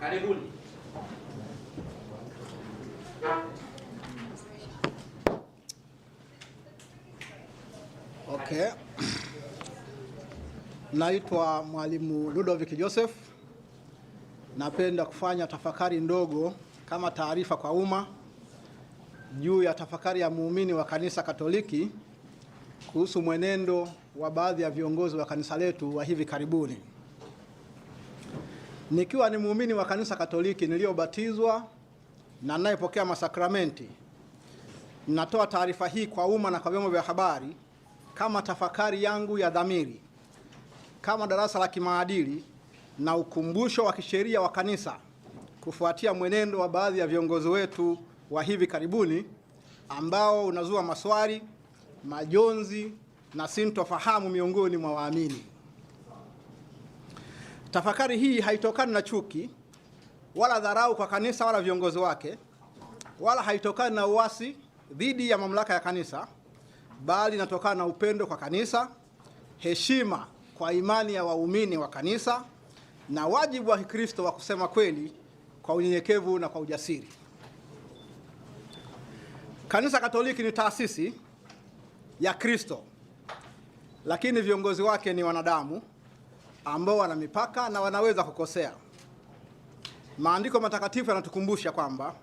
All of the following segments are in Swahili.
Karibuni. Okay. Naitwa Mwalimu Ludovick Joseph. Napenda kufanya tafakari ndogo kama taarifa kwa umma juu ya tafakari ya muumini wa Kanisa Katoliki kuhusu mwenendo wa baadhi ya viongozi wa kanisa letu wa hivi karibuni. Nikiwa ni muumini wa kanisa Katoliki niliyobatizwa na ninayepokea masakramenti, natoa taarifa hii kwa umma na kwa vyombo vya habari kama tafakari yangu ya dhamiri, kama darasa la kimaadili na ukumbusho wa kisheria wa kanisa, kufuatia mwenendo wa baadhi ya viongozi wetu wa hivi karibuni ambao unazua maswali, majonzi na sintofahamu miongoni mwa waamini. Tafakari hii haitokani na chuki wala dharau kwa kanisa wala viongozi wake wala haitokani na uasi dhidi ya mamlaka ya kanisa, bali inatokana na upendo kwa kanisa, heshima kwa imani ya waumini wa kanisa na wajibu wa Kikristo wa kusema kweli kwa unyenyekevu na kwa ujasiri. Kanisa Katoliki ni taasisi ya Kristo, lakini viongozi wake ni wanadamu ambao wana mipaka na wanaweza kukosea. Maandiko matakatifu yanatukumbusha kwamba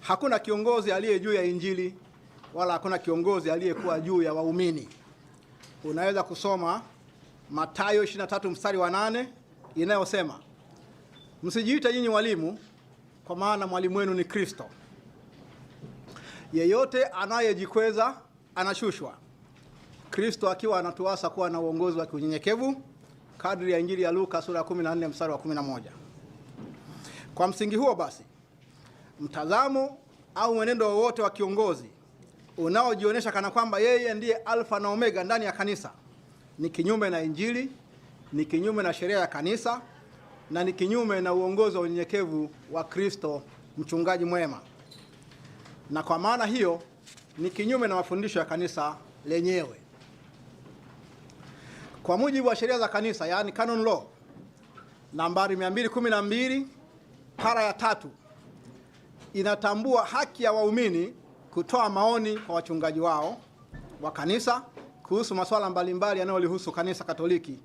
hakuna kiongozi aliye juu ya Injili wala hakuna kiongozi aliyekuwa juu ya waumini. Unaweza kusoma Mathayo 23 mstari wa nane inayosema, msijiite nyinyi walimu, kwa maana mwalimu wenu ni Kristo. Yeyote anayejikweza anashushwa. Kristo akiwa anatuasa kuwa na uongozi wa kiunyenyekevu kadri ya Injili ya Luka sura ya 14 mstari wa 11. Kwa msingi huo basi, mtazamo au mwenendo wowote wa kiongozi unaojionyesha kana kwamba yeye ndiye alfa na omega ndani ya kanisa ni kinyume na Injili, ni kinyume na sheria ya kanisa na ni kinyume na uongozi wa unyenyekevu wa Kristo mchungaji mwema, na kwa maana hiyo ni kinyume na mafundisho ya kanisa lenyewe. Kwa mujibu wa sheria za kanisa, yaani canon law nambari 212 para ya tatu inatambua haki ya waumini kutoa maoni kwa wachungaji wao wa kanisa kuhusu masuala mbalimbali yanayolihusu kanisa Katoliki,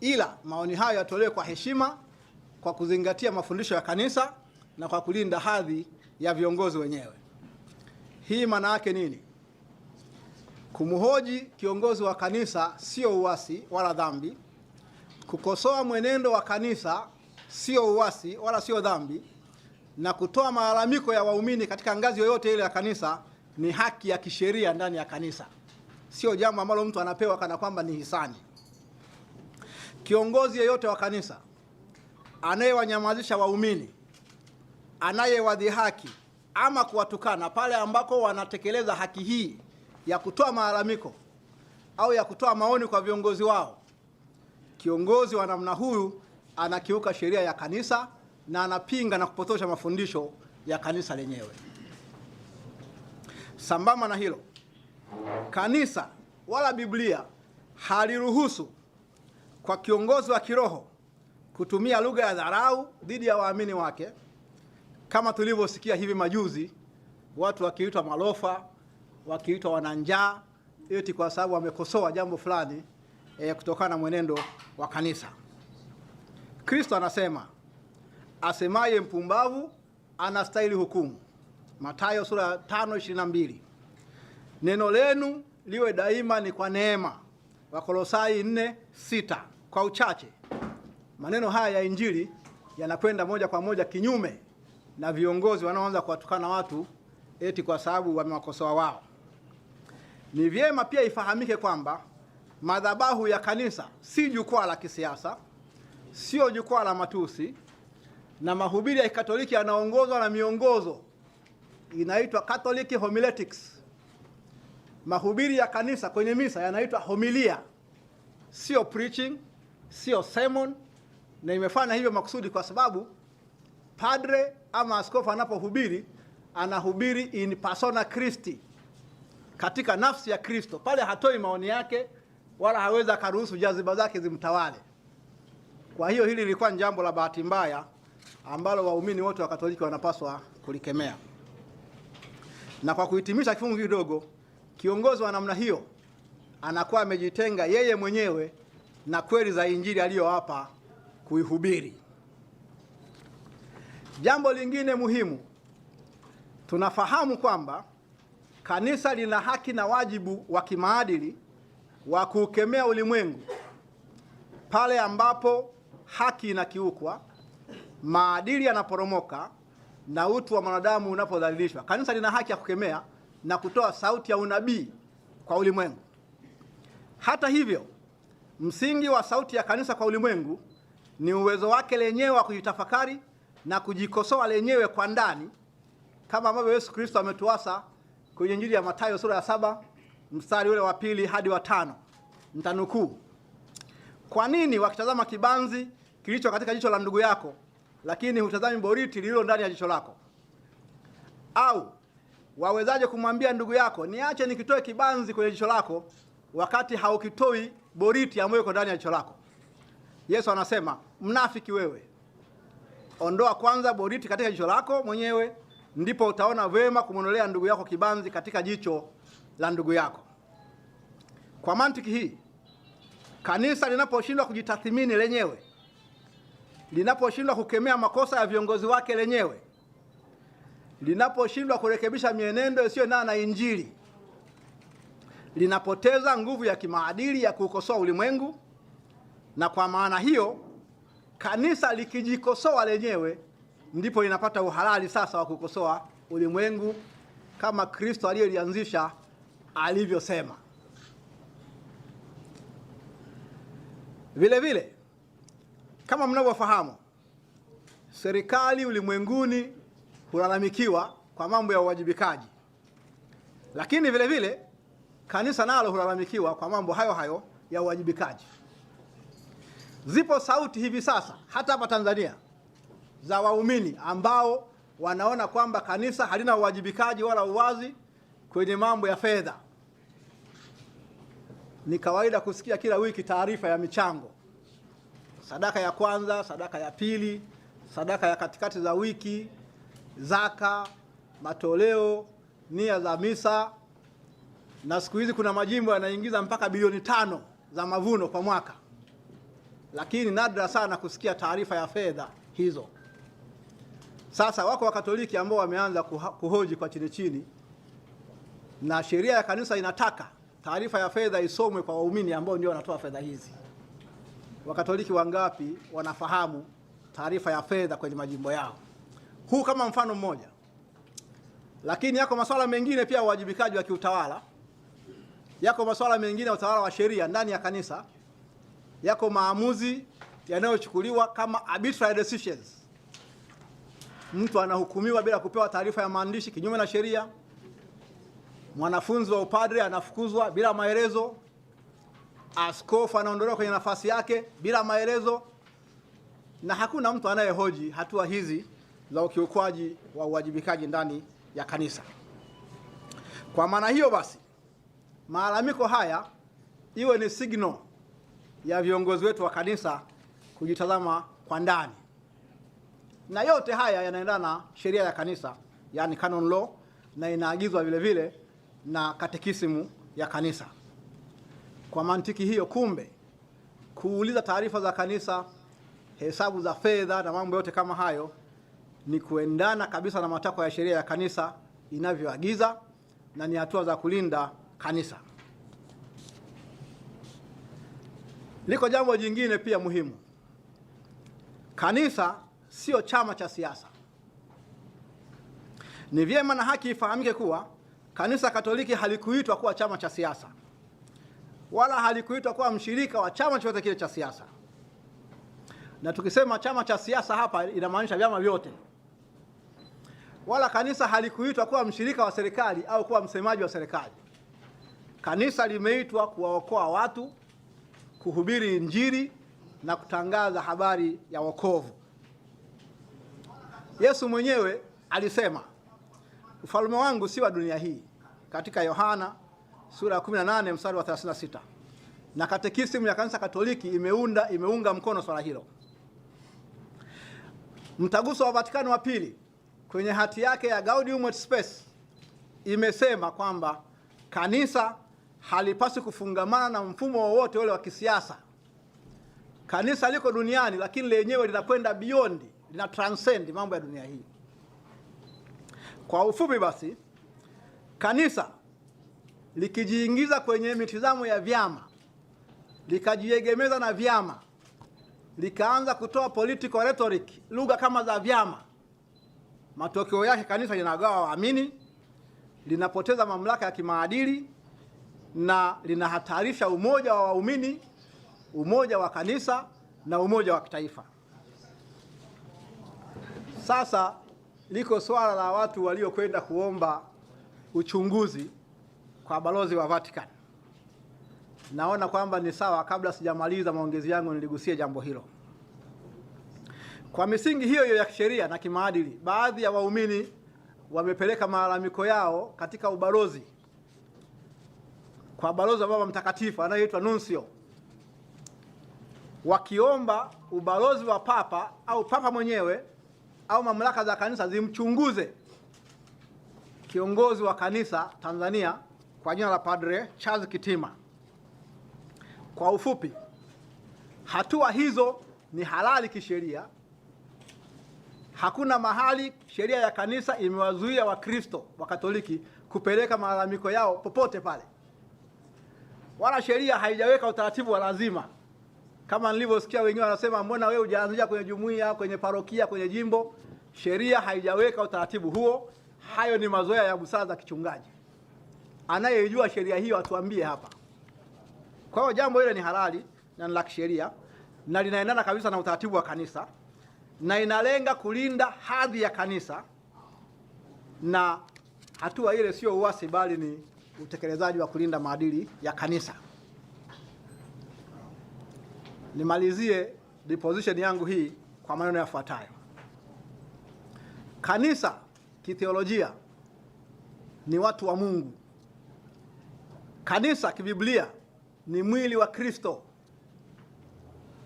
ila maoni hayo yatolewe kwa heshima, kwa kuzingatia mafundisho ya kanisa na kwa kulinda hadhi ya viongozi wenyewe. Hii maana yake nini? Kumhoji kiongozi wa kanisa sio uasi wala dhambi. Kukosoa mwenendo wa kanisa sio uasi wala sio dhambi, na kutoa malalamiko ya waumini katika ngazi yoyote ile ya kanisa ni haki ya kisheria ndani ya kanisa, sio jambo ambalo mtu anapewa kana kwamba ni hisani. Kiongozi yeyote wa kanisa anayewanyamazisha waumini, anayewadhihaki ama kuwatukana pale ambako wanatekeleza haki hii ya kutoa malalamiko au ya kutoa maoni kwa viongozi wao, kiongozi wa namna huyu anakiuka sheria ya kanisa na anapinga na kupotosha mafundisho ya kanisa lenyewe. Sambamba na hilo, kanisa wala Biblia haliruhusu kwa kiongozi wa kiroho kutumia lugha ya dharau dhidi ya waamini wake, kama tulivyosikia hivi majuzi watu wakiitwa malofa wakiitwa wananjaa, eti kwa sababu wamekosoa jambo fulani e, kutokana na mwenendo wa kanisa. Kristo anasema asemaye mpumbavu anastahili hukumu, Mathayo sura ya 5:22. Neno lenu liwe daima ni kwa neema, Wakolosai 4:6. Kwa uchache maneno haya ya Injili yanakwenda moja kwa moja kinyume na viongozi wanaoanza kuwatukana watu eti kwa sababu wamewakosoa wao. Ni vyema pia ifahamike kwamba madhabahu ya kanisa si jukwaa la kisiasa, sio jukwaa la matusi, na mahubiri ya Kikatoliki yanaongozwa na miongozo inaitwa Catholic homiletics. Mahubiri ya kanisa kwenye misa yanaitwa homilia, sio preaching, sio sermon, na imefanya hivyo makusudi kwa sababu padre ama askofu anapohubiri anahubiri in persona Christi katika nafsi ya Kristo. Pale hatoi maoni yake wala hawezi akaruhusu jaziba zake zimtawale. Kwa hiyo hili lilikuwa ni jambo la bahati mbaya ambalo waumini wote wa Katoliki wanapaswa kulikemea. Na kwa kuhitimisha kifungu kidogo, kiongozi wa namna hiyo anakuwa amejitenga yeye mwenyewe na kweli za Injili aliyowapa kuihubiri. Jambo lingine muhimu, tunafahamu kwamba Kanisa lina haki na wajibu wa kimaadili wa kuukemea ulimwengu pale ambapo haki inakiukwa, maadili yanaporomoka na utu wa mwanadamu unapodhalilishwa. Kanisa lina haki ya kukemea na kutoa sauti ya unabii kwa ulimwengu. Hata hivyo, msingi wa sauti ya kanisa kwa ulimwengu ni uwezo wake lenyewe wa kujitafakari na kujikosoa lenyewe kwa ndani, kama ambavyo Yesu Kristo ametuasa kwenye Injili ya Mathayo sura ya saba mstari ule wa pili hadi wa tano. Mtanukuu, kwa nini wakitazama kibanzi kilicho katika jicho la ndugu yako, lakini hutazami boriti lililo ndani ya jicho lako? Au wawezaje kumwambia ndugu yako, niache nikitoe kibanzi kwenye jicho lako, wakati haukitoi boriti ambayo iko ndani ya jicho lako? Yesu anasema mnafiki wewe, ondoa kwanza boriti katika jicho lako mwenyewe ndipo utaona vema kumwondolea ndugu yako kibanzi katika jicho la ndugu yako. Kwa mantiki hii, kanisa linaposhindwa kujitathmini lenyewe, linaposhindwa kukemea makosa ya viongozi wake lenyewe, linaposhindwa kurekebisha mienendo isiyoendana na Injili, linapoteza nguvu ya kimaadili ya kuukosoa ulimwengu, na kwa maana hiyo kanisa likijikosoa lenyewe ndipo linapata uhalali sasa wa kukosoa ulimwengu kama Kristo aliyelianzisha alivyosema. Vile vile kama mnavyofahamu, serikali ulimwenguni hulalamikiwa kwa mambo ya uwajibikaji, lakini vile vile kanisa nalo hulalamikiwa kwa mambo hayo hayo ya uwajibikaji. Zipo sauti hivi sasa hata hapa Tanzania za waumini ambao wanaona kwamba kanisa halina uwajibikaji wala uwazi kwenye mambo ya fedha. Ni kawaida kusikia kila wiki taarifa ya michango, sadaka ya kwanza, sadaka ya pili, sadaka ya katikati za wiki, zaka, matoleo, nia za misa, na siku hizi kuna majimbo yanaingiza mpaka bilioni tano za mavuno kwa mwaka, lakini nadra sana kusikia taarifa ya fedha hizo. Sasa wako Wakatoliki ambao wameanza kuhoji kwa chini chini, na sheria ya kanisa inataka taarifa ya fedha isomwe kwa waumini ambao ndio wanatoa fedha hizi. Wakatoliki wangapi wanafahamu taarifa ya fedha kwenye majimbo yao? Huu kama mfano mmoja, lakini yako masuala mengine pia, uwajibikaji wa kiutawala, yako masuala mengine ya utawala wa sheria ndani ya kanisa, yako maamuzi yanayochukuliwa kama arbitrary decisions mtu anahukumiwa bila kupewa taarifa ya maandishi kinyume na sheria. Mwanafunzi wa upadre anafukuzwa bila maelezo. Askofu anaondolewa kwenye nafasi yake bila maelezo, na hakuna mtu anayehoji hatua hizi za ukiukwaji wa uwajibikaji ndani ya kanisa. Kwa maana hiyo basi, malalamiko haya iwe ni signal ya viongozi wetu wa kanisa kujitazama kwa ndani na yote haya yanaendana na sheria ya kanisa, yani canon law, na inaagizwa vile vile na katekisimu ya kanisa. Kwa mantiki hiyo, kumbe kuuliza taarifa za kanisa, hesabu za fedha na mambo yote kama hayo ni kuendana kabisa na matakwa ya sheria ya kanisa inavyoagiza na ni hatua za kulinda kanisa. Liko jambo jingine pia muhimu. Kanisa sio chama cha siasa. Ni vyema na haki ifahamike kuwa Kanisa Katoliki halikuitwa kuwa chama cha siasa wala halikuitwa kuwa mshirika wa chama chochote kile cha siasa. Na tukisema chama cha siasa hapa inamaanisha vyama vyote. Wala kanisa halikuitwa kuwa mshirika wa serikali au kuwa msemaji wa serikali. Kanisa limeitwa kuwaokoa watu, kuhubiri Injili na kutangaza habari ya wokovu. Yesu mwenyewe alisema ufalme wangu si wa dunia hii, katika Yohana sura ya 18 mstari wa 36, na katekisimu ya kanisa Katoliki imeunda imeunga mkono swala hilo. Mtaguso wa Vatikano wa pili kwenye hati yake ya Gaudium et Spes imesema kwamba kanisa halipaswi kufungamana na mfumo wowote ule wa kisiasa. Kanisa liko duniani, lakini lenyewe linakwenda biondi lina transcend mambo ya dunia hii. Kwa ufupi basi, kanisa likijiingiza kwenye mitizamo ya vyama, likajiegemeza na vyama, likaanza kutoa political rhetoric, lugha kama za vyama, matokeo yake kanisa linagawa waamini, linapoteza mamlaka ya kimaadili na linahatarisha umoja wa waumini, umoja wa kanisa na umoja wa kitaifa. Sasa liko swala la watu waliokwenda kuomba uchunguzi kwa balozi wa Vatican. Naona kwamba ni sawa, kabla sijamaliza maongezi yangu, niligusie jambo hilo. Kwa misingi hiyo hiyo ya kisheria na kimaadili, baadhi ya waumini wamepeleka malalamiko yao katika ubalozi kwa balozi wa Baba Mtakatifu anayeitwa Nuncio, wakiomba ubalozi wa Papa au Papa mwenyewe au mamlaka za kanisa zimchunguze kiongozi wa kanisa Tanzania kwa jina la Padre Charles Kitima. Kwa ufupi, hatua hizo ni halali kisheria. Hakuna mahali sheria ya kanisa imewazuia Wakristo wa Katoliki kupeleka malalamiko yao popote pale, wala sheria haijaweka utaratibu wa lazima kama nilivyosikia wengine wanasema, mbona wewe hujaanzia kwenye jumuiya, kwenye parokia, kwenye jimbo? Sheria haijaweka utaratibu huo. Hayo ni mazoea ya busara za kichungaji. Anayejua sheria hiyo atuambie hapa. Kwa hiyo jambo hilo ni halali na ni la kisheria na linaendana kabisa na utaratibu wa kanisa na inalenga kulinda hadhi ya kanisa, na hatua ile sio uasi, bali ni utekelezaji wa kulinda maadili ya kanisa. Nimalizie deposition yangu hii kwa maneno yafuatayo. Kanisa kitheolojia ni watu wa Mungu. Kanisa kibiblia ni mwili wa Kristo.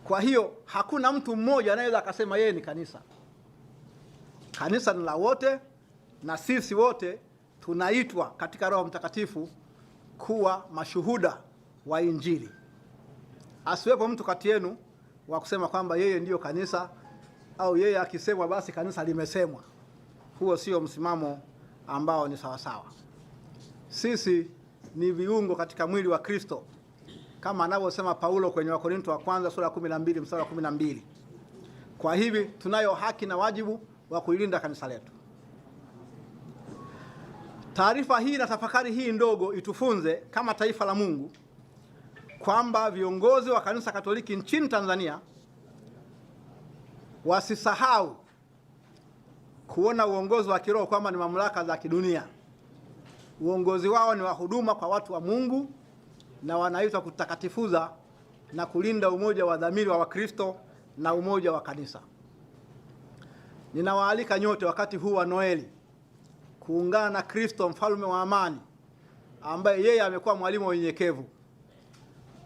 Kwa hiyo hakuna mtu mmoja anayeweza akasema yeye ni kanisa. Kanisa ni la wote, na sisi wote tunaitwa katika Roho Mtakatifu kuwa mashuhuda wa Injili asiwepo mtu kati yenu wa kusema kwamba yeye ndiyo kanisa au yeye akisemwa basi kanisa limesemwa. Huo sio msimamo ambao ni sawasawa. Sisi ni viungo katika mwili wa Kristo kama anavyosema Paulo kwenye Wakorinto wa kwanza sura ya 12 mstari wa 12. Kwa hivi tunayo haki na wajibu wa kuilinda kanisa letu. Taarifa hii na tafakari hii ndogo itufunze kama taifa la Mungu kwamba viongozi wa kanisa Katoliki nchini Tanzania wasisahau kuona uongozi wa kiroho kwamba ni mamlaka za kidunia. Uongozi wao ni wa huduma kwa watu wa Mungu na wanaitwa kutakatifuza na kulinda umoja wa dhamiri wa Wakristo na umoja wa kanisa. Ninawaalika nyote wakati huu wa Noeli kuungana na Kristo mfalme wa amani ambaye yeye amekuwa mwalimu wa unyenyekevu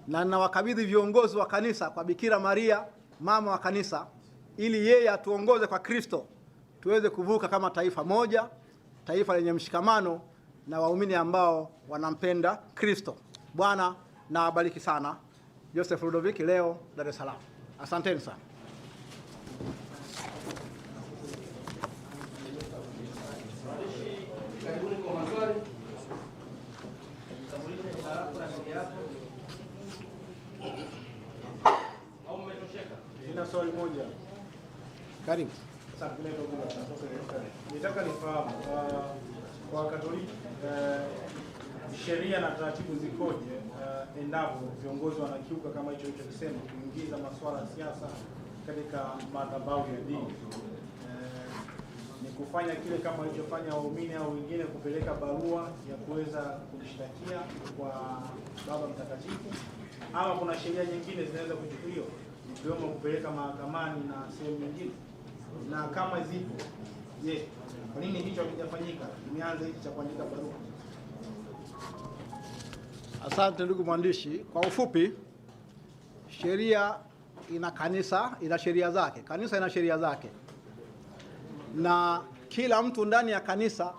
na ninawakabidhi viongozi wa kanisa kwa Bikira Maria mama wa kanisa, ili yeye atuongoze kwa Kristo tuweze kuvuka kama taifa moja, taifa lenye mshikamano na waumini ambao wanampenda Kristo. Bwana na abariki sana. Joseph Ludovick, leo Dar es Salaam. Asanteni sana. Nina swali moja. Karibu. Nitaka nifahamu uh, kwa Katoliki uh, sheria na taratibu zikoje uh, endapo viongozi wanakiuka kama hicho hicho kisema kuingiza masuala ya siasa katika madhabahu ya dini ni kufanya kile kama alichofanya waumini au wengine kupeleka barua ya kuweza kumshtakia kwa Baba Mtakatifu, ama kuna sheria nyingine zinaweza kuchukuliwa? ikiwemo kupeleka mahakamani na sehemu nyingine? Na kama zipo, je, kwa nini hicho hakijafanyika? Tumeanza hiki cha kuandika barua. Asante ndugu mwandishi. Kwa ufupi, sheria ina kanisa, ina sheria zake, kanisa ina sheria zake, na kila mtu ndani ya kanisa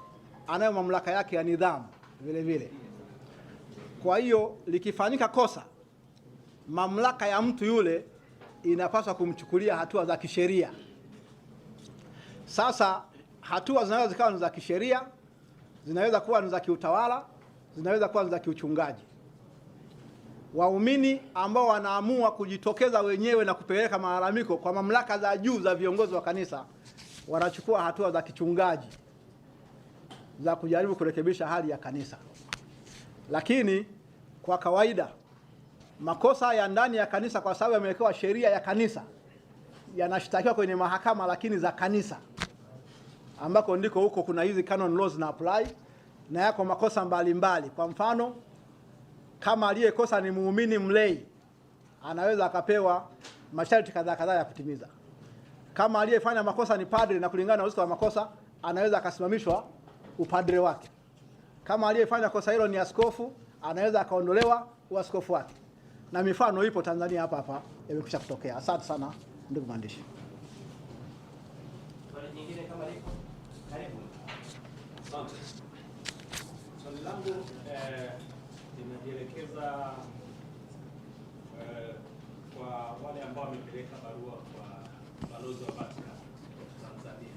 anayo mamlaka yake ya nidhamu vile vile. Kwa hiyo likifanyika kosa, mamlaka ya mtu yule inapaswa kumchukulia hatua za kisheria. Sasa hatua zinaweza zikawa ni za kisheria, zinaweza kuwa ni za kiutawala, zinaweza kuwa ni za kiuchungaji. Waumini ambao wanaamua kujitokeza wenyewe na kupeleka malalamiko kwa mamlaka za juu za viongozi wa kanisa wanachukua hatua za kichungaji za kujaribu kurekebisha hali ya kanisa, lakini kwa kawaida makosa ya ndani ya kanisa, kwa sababu yamewekewa sheria ya kanisa, yanashtakiwa kwenye mahakama lakini za kanisa, ambako ndiko huko kuna hizi canon laws na apply, na yako makosa mbalimbali mbali. Kwa mfano kama aliyekosa ni muumini mlei anaweza akapewa masharti kadhaa kadhaa ya kutimiza. Kama aliyefanya makosa ni padri, na kulingana na uzito wa makosa anaweza akasimamishwa upadre wake. Kama aliyefanya kosa hilo ni askofu anaweza akaondolewa uaskofu wake na mifano ipo Tanzania hapa hapa yamekwisha kutokea. Asante sana ndugu mwandishi. Swali langu eh, linajielekeza eh, kwa wale ambao wamepeleka barua kwa balozi wa Vatican Tanzania.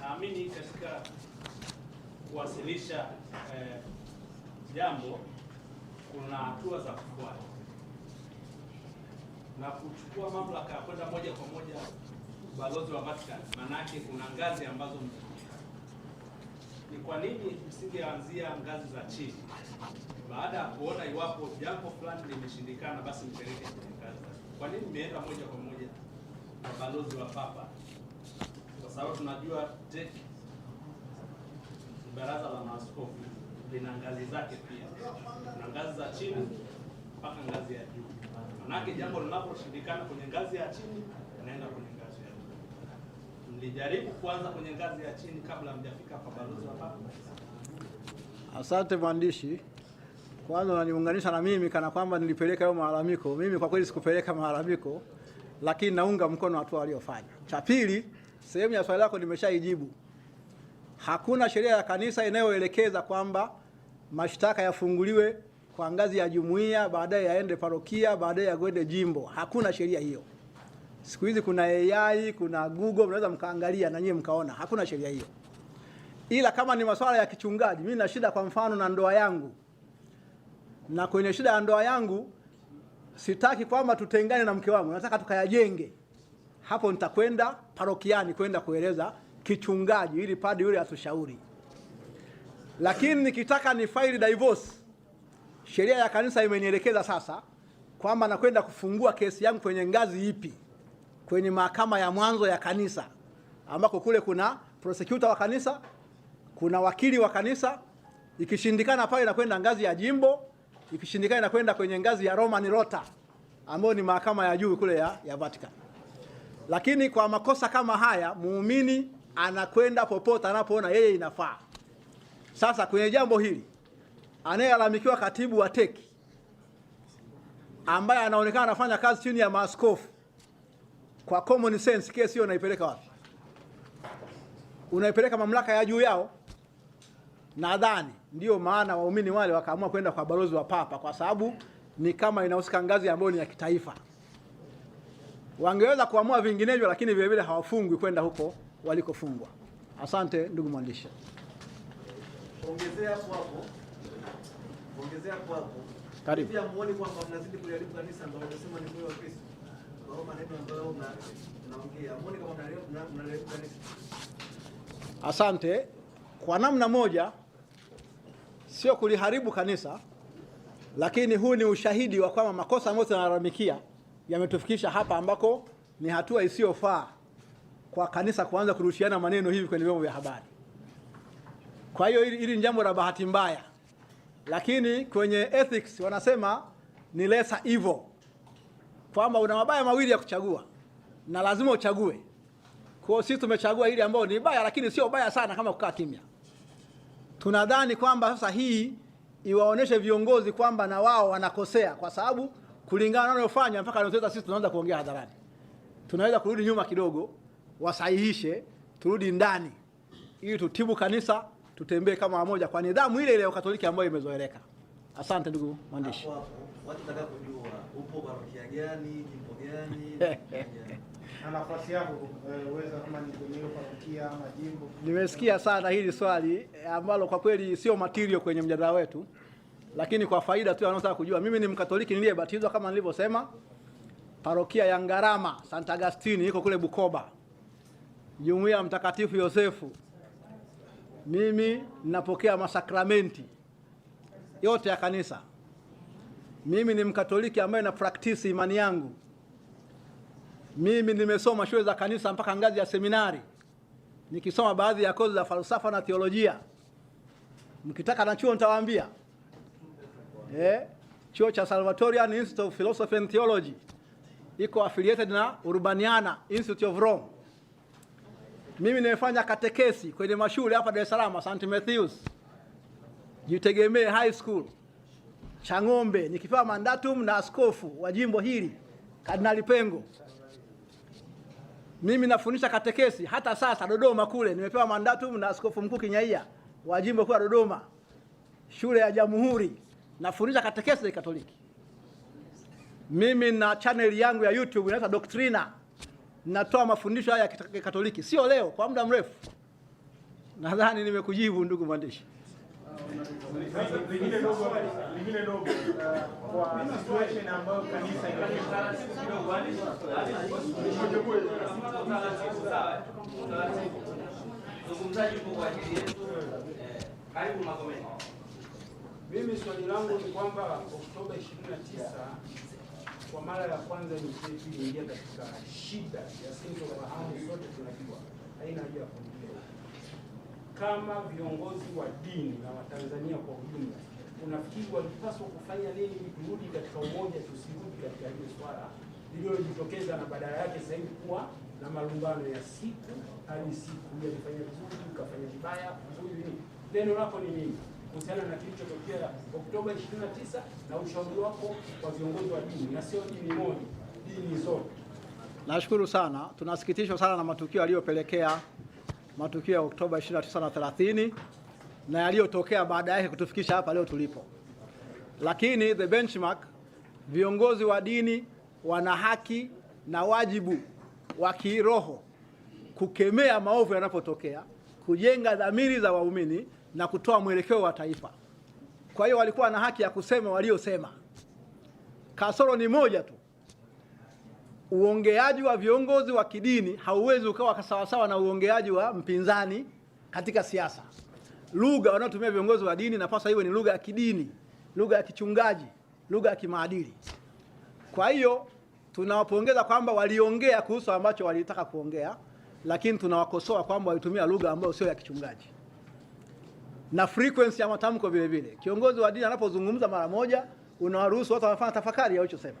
Naamini katika kuwasilisha eh, jambo kuna hatua za kufuata na kuchukua mamlaka ya kwenda moja kwa moja balozi wa Vatican. Maanake kuna ngazi ambazo ni kwa nini msingeanzia ngazi za chini? Baada ya kuona iwapo jambo fulani limeshindikana, basi mpeleke kwenye ngazi za chini. Kwa nini mmeenda moja kwa moja na balozi wa Papa? Kwa sababu tunajua baraza la maaskofu lina ngazi zake pia, na ngazi za chini mpaka ngazi ya juu. Manake jambo linaposhindikana kwenye ngazi ya chini, inaenda kwenye ngazi ya juu. Mlijaribu kuanza kwenye ngazi ya chini kabla mjafika kwa balozi wa Papa. Asante mwandishi, kwanza unaniunganisha na mimi kana kwamba nilipeleka hayo malalamiko. Mimi kwa kweli sikupeleka malalamiko, lakini naunga mkono hatua waliofanya Cha pili, sehemu ya swali lako nimeshaijibu. Hakuna sheria ya kanisa inayoelekeza kwamba mashtaka yafunguliwe kwa ngazi ya jumuiya, baadaye yaende parokia, baadaye yaende jimbo. Hakuna sheria hiyo. Siku hizi kuna AI, kuna Google, mnaweza mkaangalia na nyie mkaona. Hakuna sheria hiyo, ila kama ni masuala ya kichungaji, mimi na shida kwa mfano na ndoa yangu, na kwenye shida ya ndoa yangu sitaki kwamba tutengane na mke wangu, nataka tukayajenge. Hapo nitakwenda parokiani kwenda kueleza kichungaji ili padi yule atushauri. Lakini nikitaka ni faili divorce, sheria ya kanisa imenielekeza sasa kwamba nakwenda kufungua kesi yangu kwenye ngazi ipi? Kwenye mahakama ya mwanzo ya kanisa, ambako kule kuna prosecutor wa kanisa, kuna wakili wa kanisa. Ikishindikana pale, nakwenda ngazi ya jimbo, ikishindikana nakwenda kwenye ngazi ya Roman Rota ambayo ni mahakama ya juu kule ya, ya Vatican. Lakini kwa makosa kama haya muumini anakwenda popote anapoona yeye inafaa. Sasa kwenye jambo hili anayelalamikiwa katibu wa teki ambaye anaonekana anafanya kazi chini ya maaskofu, kwa common sense, kesi hiyo unaipeleka wapi? Unaipeleka mamlaka ya juu yao. Nadhani ndiyo maana waumini wale wakaamua kwenda kwa balozi wa Papa, kwa sababu ni kama inahusika ngazi ambayo ni ya kitaifa. Wangeweza kuamua vinginevyo, lakini vilevile hawafungwi kwenda huko walikofungwa. Asante ndugu mwandishi. Ongezea hapo, ongezea hapo. Karibu. Pia muone kwamba mnazidi kanisa ambalo unasema ni Kristo. Kwa maneno ambayo muone kama kanisa. Asante. Kwa namna moja sio kuliharibu kanisa, lakini huu ni ushahidi wa kwamba makosa ambayo tunalalamikia yametufikisha hapa ambako ni hatua isiyofaa kwa kanisa kuanza kurushiana maneno hivi kwenye vyombo vya habari. Kwa hiyo hili ni jambo la bahati mbaya, lakini kwenye ethics wanasema ni lesser evil, kwamba una mabaya mawili ya kuchagua na lazima uchague. Kwa hiyo sisi tumechagua hili ambayo ni baya, lakini sio baya sana kama kukaa kimya. Tunadhani kwamba sasa hii iwaoneshe viongozi kwamba na wao wanakosea, kwa sababu kulingana na wanayofanya mpaka leo sisi tunaanza kuongea hadharani. Tunaweza kurudi nyuma kidogo wasahihishe, turudi ndani ili tutibu kanisa, tutembee kama moja kwa nidhamu ile ile ya Katoliki ambayo imezoeleka. Asante ndugu mwandishi. Watu nataka kujua upo parokia gani, jimbo gani? na nafasi yako eh, uweza kama ni kwenye parokia ama jimbo. Nimesikia sana hili swali eh, ambalo kwa kweli sio material kwenye mjadala wetu, lakini kwa faida tu wanaotaka kujua, mimi ni Mkatoliki niliyebatizwa kama nilivyosema, parokia ya Ngarama Santa Agustini iko kule Bukoba. Jumuiya ya Mtakatifu Yosefu, mimi ninapokea masakramenti yote ya kanisa. Mimi ni Mkatoliki ambaye na praktisi imani yangu. Mimi nimesoma shule za kanisa mpaka ngazi ya seminari, nikisoma baadhi ya kozi za falsafa na teolojia. Mkitaka na chuo nitawaambia eh, chuo cha Salvatorian Institute of Philosophy and Theology iko affiliated na Urbaniana Institute of Rome. Mimi nimefanya katekesi kwenye mashule hapa Dar es Salaam, St. Matthews, Jitegemee High School, Chang'ombe, nikipewa mandatum na askofu wa jimbo hili Kardinali Pengo. Mimi nafundisha katekesi hata sasa Dodoma kule, nimepewa mandatum na askofu mkuu Kinyaia wa jimbo kwa Dodoma, shule ya Jamhuri, nafundisha katekesi ya Katoliki. Mimi na channel yangu ya YouTube inaitwa Doctrina natoa mafundisho haya ya Katoliki, sio leo, kwa muda mrefu. Nadhani nimekujibu ndugu mwandishi. Lingine dogo, lingine dogo, kwa situation ambayo kanisa mimi swali langu ni kwamba Oktoba 29 kwa mara ya kwanza nchi yetu iliingia katika shida ya sintofahamu, sote tunajua, haina haja ya kuongea. Kama viongozi wa dini na Watanzania kwa ujumla, unafikiri walipaswa kufanya nini ili kurudi katika umoja, tusirudi katika hili swala lililojitokeza na badala yake sasa hivi kuwa na malumbano ya siku hadi siku, ya alifanya vizuri, ukafanya vibaya, huyu nini? Neno lako ni nini? kuhusiana na kilichotokea Oktoba 29 na ushauri wako kwa viongozi wa dini na sio dini moja, dini zote. Nashukuru sana, tunasikitishwa sana na matukio yaliyopelekea matukio ya Oktoba 29 na 30 na yaliyotokea baada yake kutufikisha hapa leo tulipo, lakini the benchmark, viongozi wa dini wana haki na wajibu wa kiroho kukemea maovu yanapotokea, kujenga dhamiri za waumini na kutoa mwelekeo wa taifa. Kwa hiyo walikuwa na haki ya kusema waliosema. Kasoro ni moja tu, uongeaji wa viongozi wa kidini hauwezi ukawa sawasawa na uongeaji wa mpinzani katika siasa. Lugha wanaotumia viongozi wa dini napaswa iwe ni lugha ya kidini, lugha ya kichungaji, lugha ya kimaadili. Kwa hiyo tunawapongeza kwamba waliongea kuhusu ambacho walitaka kuongea, lakini tunawakosoa kwamba walitumia lugha ambayo sio ya kichungaji na frequency ya matamko vile vile. Kiongozi wa dini anapozungumza mara moja, unawaruhusu watu wanafanya tafakari ya ulichosema.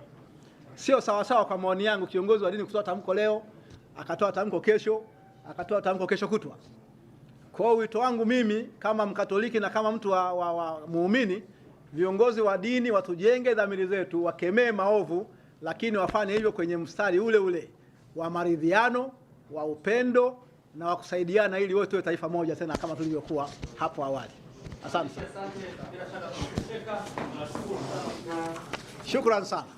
Sio sawasawa kwa maoni yangu, kiongozi wa dini kutoa tamko leo, akatoa tamko kesho, akatoa tamko kesho kutwa. Kwa hiyo wito wangu mimi kama Mkatoliki na kama mtu wa, wa, wa muumini, viongozi wa dini watujenge dhamiri zetu, wakemee maovu, lakini wafanye hivyo kwenye mstari ule ule wa maridhiano, wa upendo na wakusaidiana ili wote tuwe taifa moja tena kama tulivyokuwa hapo awali. Asante, shukran sana.